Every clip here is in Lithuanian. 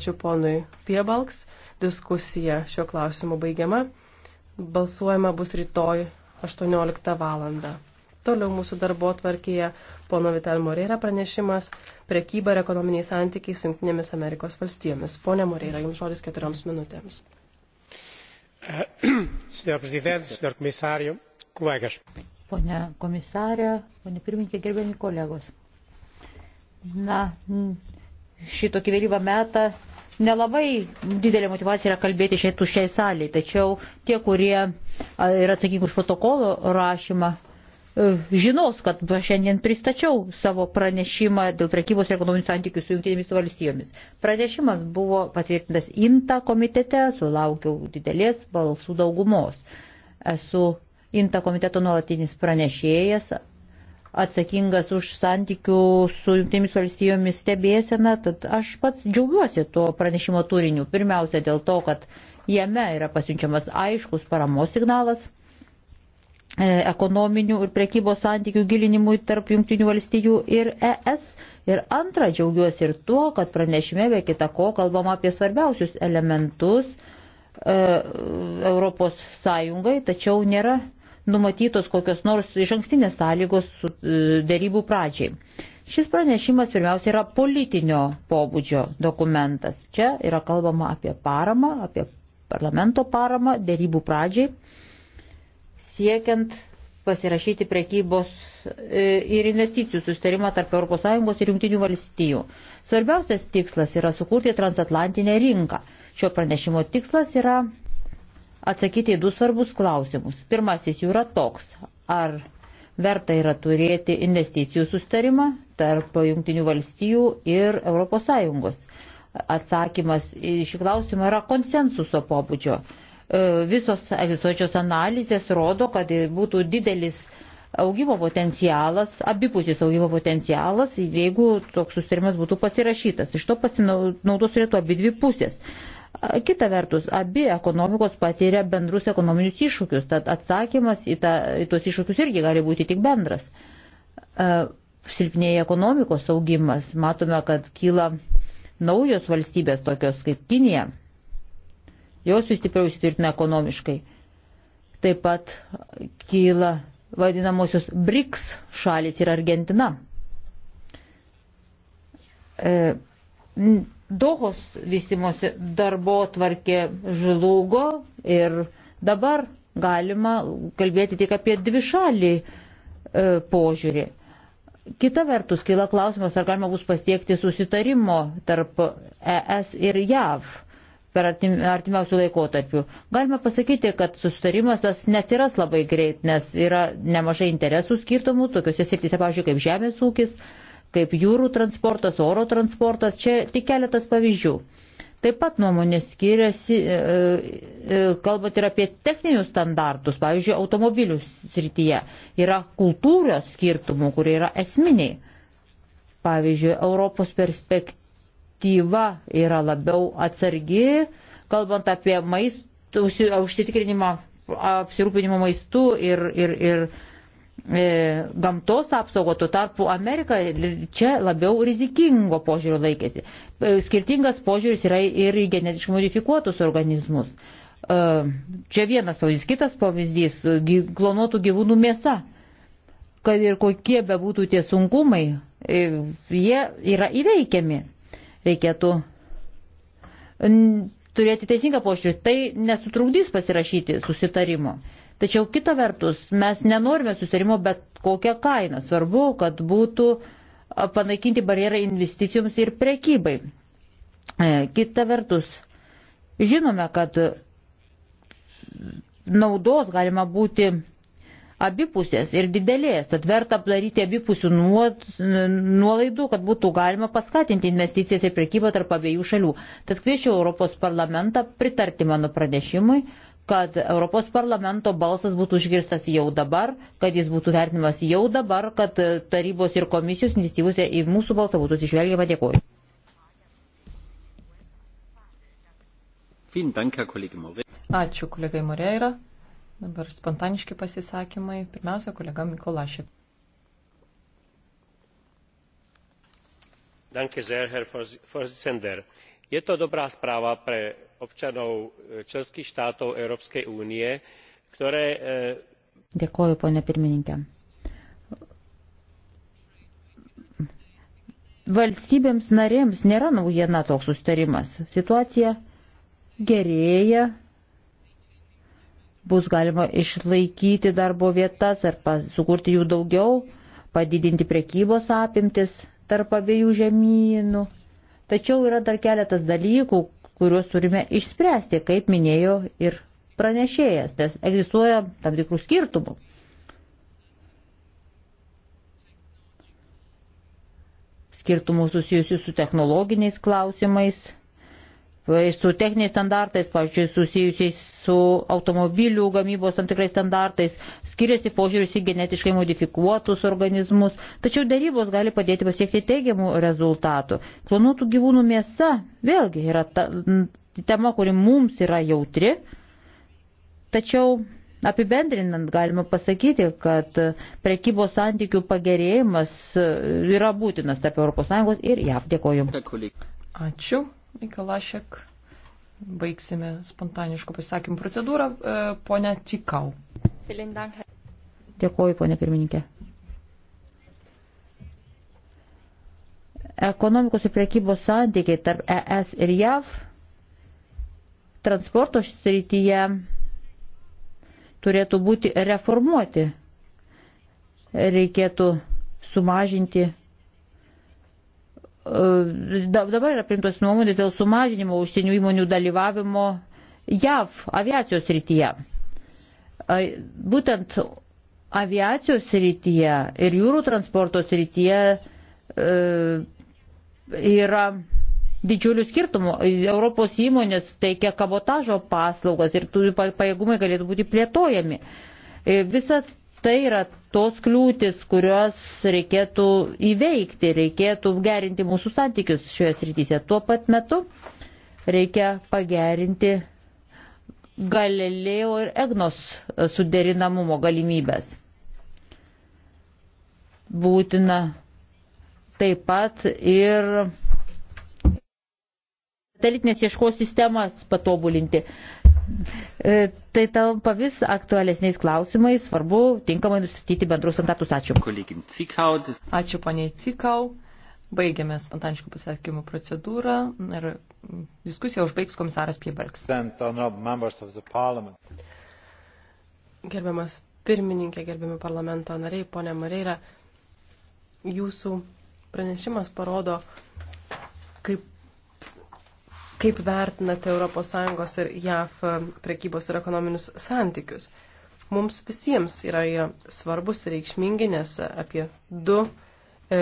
Ačiū ponui Piebalks. Diskusija šiuo klausimu baigiama. Balsuojama bus rytoj 18 val. Toliau mūsų darbo atvarkėje pono Vital Moreira pranešimas prekyba ir ekonominiai santykiai su Junktinėmis Amerikos valstijomis. Pone Moreira, jums žodis keturioms minutėms. Pone komisarė, pone pirmininkė, gerbiami kolegos. Na, šitokį vėlyvą metą nelabai didelė motivacija yra kalbėti šiai tuščiai saliai, tačiau tie, kurie yra atsakingi už protokolo rašymą, e, žinos, kad aš šiandien pristačiau savo pranešimą dėl prekybos ir ekonominių santykių su Junktinėmis valstijomis. Pranešimas buvo patvirtintas INTA komitete, sulaukiau didelės balsų daugumos. Esu INTA komiteto nuolatinis pranešėjas atsakingas už santykių su jungtimis valstijomis stebėseną, tad aš pats džiaugiuosi tuo pranešimo turiniu. Pirmiausia dėl to, kad jame yra pasiunčiamas aiškus paramos signalas e, ekonominių ir prekybos santykių gilinimui tarp jungtinių valstijų ir ES. Ir antra, džiaugiuosi ir tuo, kad pranešime be kita ko kalbama apie svarbiausius elementus e, Europos Sąjungai, tačiau nėra numatytos kokios nors iš ankstinės sąlygos e, dėrybų pradžiai. Šis pranešimas pirmiausia yra politinio pobūdžio dokumentas. Čia yra kalbama apie paramą, apie parlamento paramą dėrybų pradžiai, siekiant pasirašyti prekybos e, ir investicijų sustarimą tarp ES ir Junktinių valstijų. Svarbiausias tikslas yra sukurti transatlantinę rinką. Šio pranešimo tikslas yra atsakyti į du svarbus klausimus. Pirmasis jų yra toks, ar verta yra turėti investicijų sustarimą tarp Junktinių valstijų ir ES. Atsakymas į šį klausimą yra konsensuso pobūdžio. E, visos egzistuojančios analizės rodo, kad būtų didelis augimo potencialas, abipusis augimo potencialas, jeigu toks susitarimas būtų pasirašytas. Iš to pasinaudos turėtų abi dvi pusės. Uh, Kita vertus, abi ekonomikos patiria bendrus ekonominius iššūkius, tad atsakymas į, ta, į tuos iššūkius irgi gali būti tik bendras. Silpnėja ekonomikos augimas, matome, kad kyla naujos valstybės tokios kaip Kinija, jos vis stipriau įsitvirtina ekonomiškai. Taip pat kyla vadinamosios BRICS šalis ir Argentina. E, Dohos vystimosi darbo tvarkė žlugo ir dabar galima kalbėti tik apie dvišalį e, požiūrį. Kita vertus, kyla klausimas, ar galima bus pasiekti susitarimo tarp ES ir JAV per artimiausių laikotarpių. Galima pasakyti, kad susitarimas tas nesiras labai greit, nes yra nemažai interesų skirtumų, tokiuose srityse, pavyzdžiui, kaip žemės ūkis, kaip jūrų transportas, oro transportas, čia tik keletas pavyzdžių. Taip pat nuomonės skiriasi, e, e, kalbant ir apie techninius standartus, pavyzdžiui, automobilių srityje. Yra kultūros skirtumų, kurie yra esminiai. Pavyzdžiui, Europos perspektyva yra labiau atsargi, kalbant apie maistų, užsitikrinimą, apsirūpinimą maistu ir, ir, ir E, gamtos apsaugo, tuo tarpu Amerika čia labiau rizikingo požiūrio laikėsi. E, skirtingas požiūris yra ir į genetiškai modifikuotus organizmus. E, čia vienas pavyzdys, kitas pavyzdys - klonuotų gyvūnų mėsa. Kad ir kokie bebūtų tie sunkumai, jie yra įveikiami. Reikėtų turėti teisingą požiūrį. Tai nesutrukdys pasirašyti susitarimo. Tačiau kita vertus, mes nenorime susitarimo bet kokią kainą. Svarbu, kad būtų panaikinti barjerai investicijoms ir prekybai. E, kita vertus, žinome, kad naudos galima būti abipusės ir didelės, tad verta daryti abipusių nuolaidų, kad būtų galima paskatinti investicijas ir prekybą tarp abiejų šalių. Tad kviečiu Europos parlamentą pritarti mano pranešimui kad Europos parlamento balsas būtų išgirstas jau dabar, kad jis būtų vertinimas jau dabar, kad tarybos ir komisijos iniciatyvose į mūsų balsą būtų atsižvelgiama. Dėkuoju. Ačiū kolegai Moreira. Dabar spontaniški pasisakymai. Pirmiausia, kolega Mikolašė. Danke sehr, Herr Vorsitzender je to dobrá správa pre občanov e, členských štátov európskej únie ktoré. dėkoju e, pone pirmininke. valstybėms narėms nėra naujiena toks sustarimas. Situacija gerėja, bus galima išlaikyti darbo vietas ar sukurti jų daugiau, padidinti prekybos apimtis tarp abiejų žemynų. Tačiau yra dar keletas dalykų, kuriuos turime išspręsti, kaip minėjo ir pranešėjas, nes egzistuoja tam tikrų skirtumų. Skirtumų susijusių su technologiniais klausimais su techniniais standartais, pavyzdžiui, susijusiais su automobilių gamybos tam tikrais standartais, skiriasi požiūris į genetiškai modifikuotus organizmus, tačiau darybos gali padėti pasiekti teigiamų rezultatų. Klonuotų gyvūnų mėsa vėlgi yra ta, tema, kuri mums yra jautri, tačiau Apibendrinant galima pasakyti, kad prekybos santykių pagerėjimas yra būtinas tarp ES ir JAV. Dėkoju. Ačiū. Mikalašek, baigsime spontaniškų pasisakymų procedūrą. E, Pone Tikau. Dėkuoju, ponė pirmininkė. Ekonomikos ir priekybos santykiai tarp ES ir JAV transporto srityje turėtų būti reformuoti. Reikėtų sumažinti dabar yra primtos nuomonės dėl sumažinimo užsienio įmonių dalyvavimo JAV aviacijos rytyje. Būtent aviacijos rytyje ir jūrų transporto rytyje yra didžiulių skirtumų. Europos įmonės teikia kabotažo paslaugas ir turi pajėgumai galėtų būti plėtojami. Visa tai yra tos kliūtis, kurios reikėtų įveikti, reikėtų gerinti mūsų santykius šioje srityse. Tuo pat metu reikia pagerinti Galilėjo ir Egnos suderinamumo galimybės. Būtina taip pat ir satelitinės ieškos sistemas patobulinti. E, tai tampa vis aktualesniais klausimais, svarbu tinkamai nustatyti bendrus standartus. Ačiū. Ačiū poniai Cikau. Baigėme spontaniškų pasakymų procedūrą ir diskusiją užbaigs komisaras Piebalgs. Gerbiamas pirmininkė, gerbiami parlamento nariai, ponė Mareira, jūsų pranešimas parodo, kaip kaip vertinate ES ir JAF e, prekybos ir ekonominius santykius. Mums visiems yra jie svarbus ir reikšmingi, nes apie 2 e,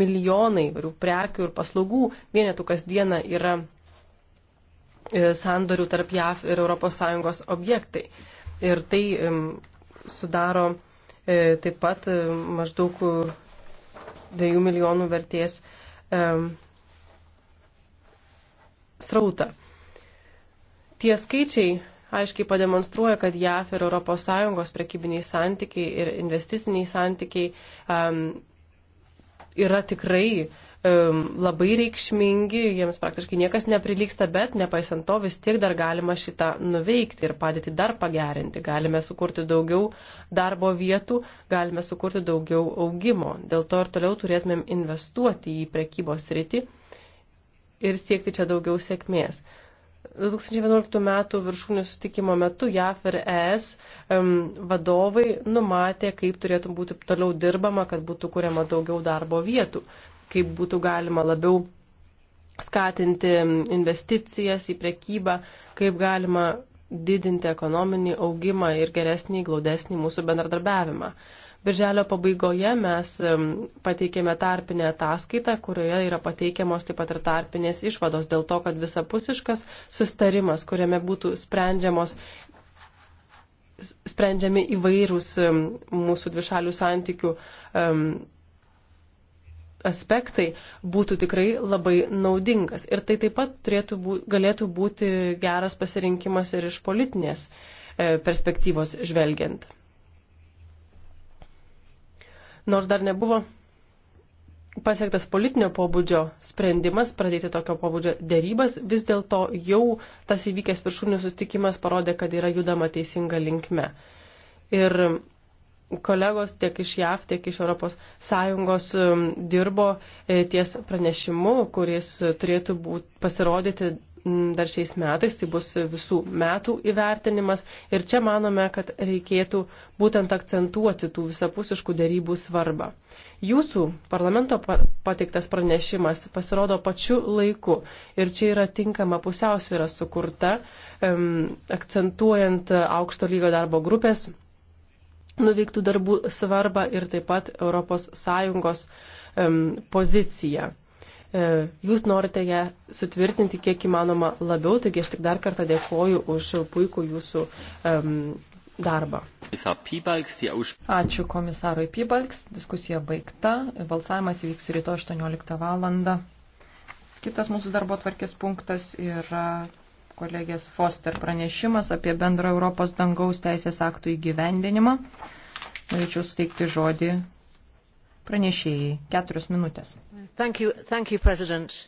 milijonai varių prekių ir paslaugų vienetų kasdieną yra e, sandorių tarp JAF ir ES objektai. Ir tai e, sudaro e, taip pat e, maždaug 2 e, milijonų vertės. E, srautą. Tie skaičiai aiškiai pademonstruoja, kad JAF ir ES prekybiniai santykiai ir investiciniai santykiai um, yra tikrai um, labai reikšmingi, jiems praktiškai niekas neprilyksta, bet nepaisant to vis tiek dar galima šitą nuveikti ir padėti dar pagerinti. Galime sukurti daugiau darbo vietų, galime sukurti daugiau augimo. Dėl to ir toliau turėtumėm investuoti į prekybos rytį ir siekti čia daugiau sėkmės. 2011 m. viršūnių sustikimo metu JAF ir ES um, vadovai numatė, kaip turėtų būti toliau dirbama, kad būtų kuriama daugiau darbo vietų, kaip būtų galima labiau skatinti investicijas į prekybą, kaip galima didinti ekonominį augimą ir geresnį, glaudesnį mūsų bendradarbiavimą. Uh, Birželio pabaigoje mes pateikėme tarpinę ataskaitą, kurioje yra pateikiamos taip pat ir tarpinės išvados dėl to, kad visapusiškas sustarimas, kuriame būtų sprendžiamos sprendžiami įvairūs mūsų dvišalių santykių um, aspektai būtų tikrai labai naudingas. Ir tai taip pat turėtų bū, galėtų būti geras pasirinkimas ir iš politinės e, perspektyvos žvelgiant. Nors dar nebuvo pasiektas politinio pobūdžio sprendimas pradėti tokio pobūdžio dėrybas, vis dėlto jau tas įvykęs viršūnių sustikimas parodė, kad yra judama teisinga linkme. Ir kolegos tiek iš JAV, tiek iš ES um, dirbo e, ties pranešimu, kuris turėtų būt, pasirodyti dar šiais metais, tai bus visų metų įvertinimas. Ir čia manome, kad reikėtų būtent akcentuoti tų visapusiškų dėrybų svarbą. Jūsų parlamento pateiktas pranešimas pasirodo pačiu laiku ir čia yra tinkama pusiausvėra sukurta, um, akcentuojant aukšto lygio darbo grupės nuveiktų darbų svarbą ir taip pat ES um, poziciją. E, jūs norite ją sutvirtinti kiek įmanoma labiau, taigi aš tik dar kartą dėkoju už puikų jūsų um, darbą. Ačiū komisarui Pybalks, diskusija baigta, balsavimas vyks rytoj 18 val. Kitas mūsų darbo tvarkės punktas yra kolegės Foster pranešimas apie bendro Europos dangaus teisės aktų įgyvendinimą. Norėčiau suteikti žodį Pranešėjai, keturios minutės. Thank you, thank you, President.